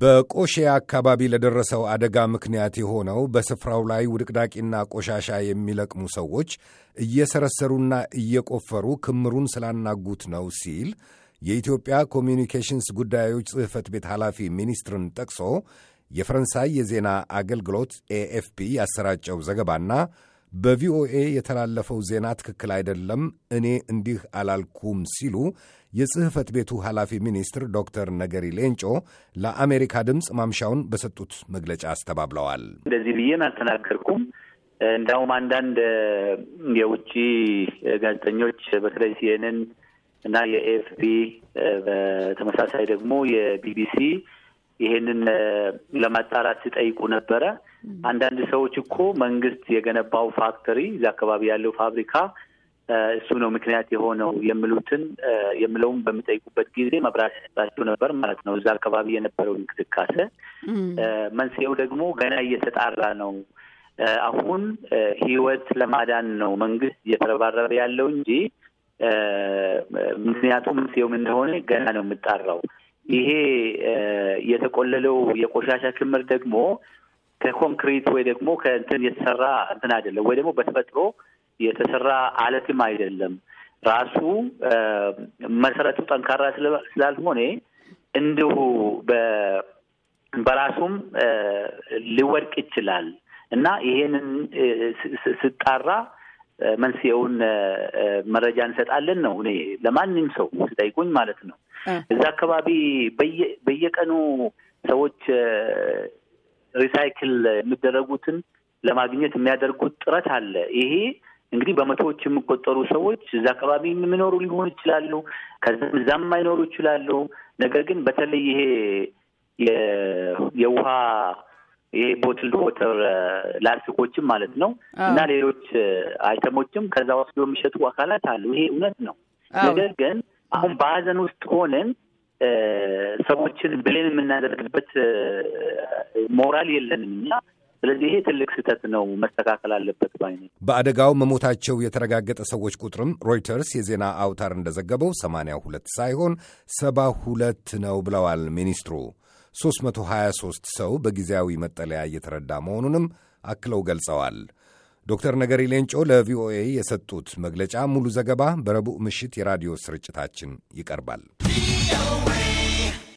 በቆሼ አካባቢ ለደረሰው አደጋ ምክንያት የሆነው በስፍራው ላይ ውድቅዳቂና ቆሻሻ የሚለቅሙ ሰዎች እየሰረሰሩና እየቆፈሩ ክምሩን ስላናጉት ነው ሲል የኢትዮጵያ ኮሚኒኬሽንስ ጉዳዮች ጽሕፈት ቤት ኃላፊ ሚኒስትርን ጠቅሶ የፈረንሳይ የዜና አገልግሎት ኤኤፍፒ ያሰራጨው ዘገባና በቪኦኤ የተላለፈው ዜና ትክክል አይደለም፣ እኔ እንዲህ አላልኩም ሲሉ የጽሕፈት ቤቱ ኃላፊ ሚኒስትር ዶክተር ነገሪ ሌንጮ ለአሜሪካ ድምፅ ማምሻውን በሰጡት መግለጫ አስተባብለዋል። እንደዚህ ብዬን አልተናገርኩም። እንዳውም አንዳንድ የውጭ ጋዜጠኞች በተለይ ሲኤንኤን እና የኤፍቢ በተመሳሳይ ደግሞ የቢቢሲ ይሄንን ለማጣራት ሲጠይቁ ነበረ። አንዳንድ ሰዎች እኮ መንግስት የገነባው ፋክተሪ እዚ አካባቢ ያለው ፋብሪካ እሱ ነው ምክንያት የሆነው የሚሉትን የምለውም በሚጠይቁበት ጊዜ መብራት ሲሰጣቸው ነበር ማለት ነው። እዛ አካባቢ የነበረው እንቅስቃሴ መንስኤው ደግሞ ገና እየተጣራ ነው። አሁን ህይወት ለማዳን ነው መንግስት እየተረባረበ ያለው እንጂ ምክንያቱ መንስኤውም እንደሆነ ገና ነው የምጣራው። ይሄ የተቆለለው የቆሻሻ ክምር ደግሞ ከኮንክሪት ወይ ደግሞ ከእንትን የተሰራ እንትን አይደለም፣ ወይ ደግሞ በተፈጥሮ የተሰራ አለትም አይደለም። ራሱ መሰረቱ ጠንካራ ስላልሆነ እንዲሁ በራሱም ሊወድቅ ይችላል እና ይሄንን ስጣራ መንስኤውን መረጃ እንሰጣለን ነው። እኔ ለማንም ሰው ስጠይቁኝ ማለት ነው እዛ አካባቢ በየቀኑ ሰዎች ሪሳይክል የሚደረጉትን ለማግኘት የሚያደርጉት ጥረት አለ። ይሄ እንግዲህ በመቶዎች የሚቆጠሩ ሰዎች እዛ አካባቢ የሚኖሩ ሊሆኑ ይችላሉ። ከዚም እዛም የማይኖሩ ይችላሉ። ነገር ግን በተለይ ይሄ የውሃ ይሄ ቦትልድ ወተር ላስቲኮችም ማለት ነው እና ሌሎች አይተሞችም ከዛ ወስዶ የሚሸጡ አካላት አሉ። ይሄ እውነት ነው። ነገር ግን አሁን በሀዘን ውስጥ ሆነን ሰዎችን ብሌን የምናደርግበት ሞራል የለንም እኛ። ስለዚህ ይሄ ትልቅ ስህተት ነው፣ መስተካከል አለበት ባይ በአደጋው መሞታቸው የተረጋገጠ ሰዎች ቁጥርም ሮይተርስ የዜና አውታር እንደዘገበው ሰማንያ ሁለት ሳይሆን ሰባ ሁለት ነው ብለዋል ሚኒስትሩ። 323 ሰው በጊዜያዊ መጠለያ እየተረዳ መሆኑንም አክለው ገልጸዋል። ዶክተር ነገሪ ሌንጮ ለቪኦኤ የሰጡት መግለጫ ሙሉ ዘገባ በረቡዕ ምሽት የራዲዮ ስርጭታችን ይቀርባል።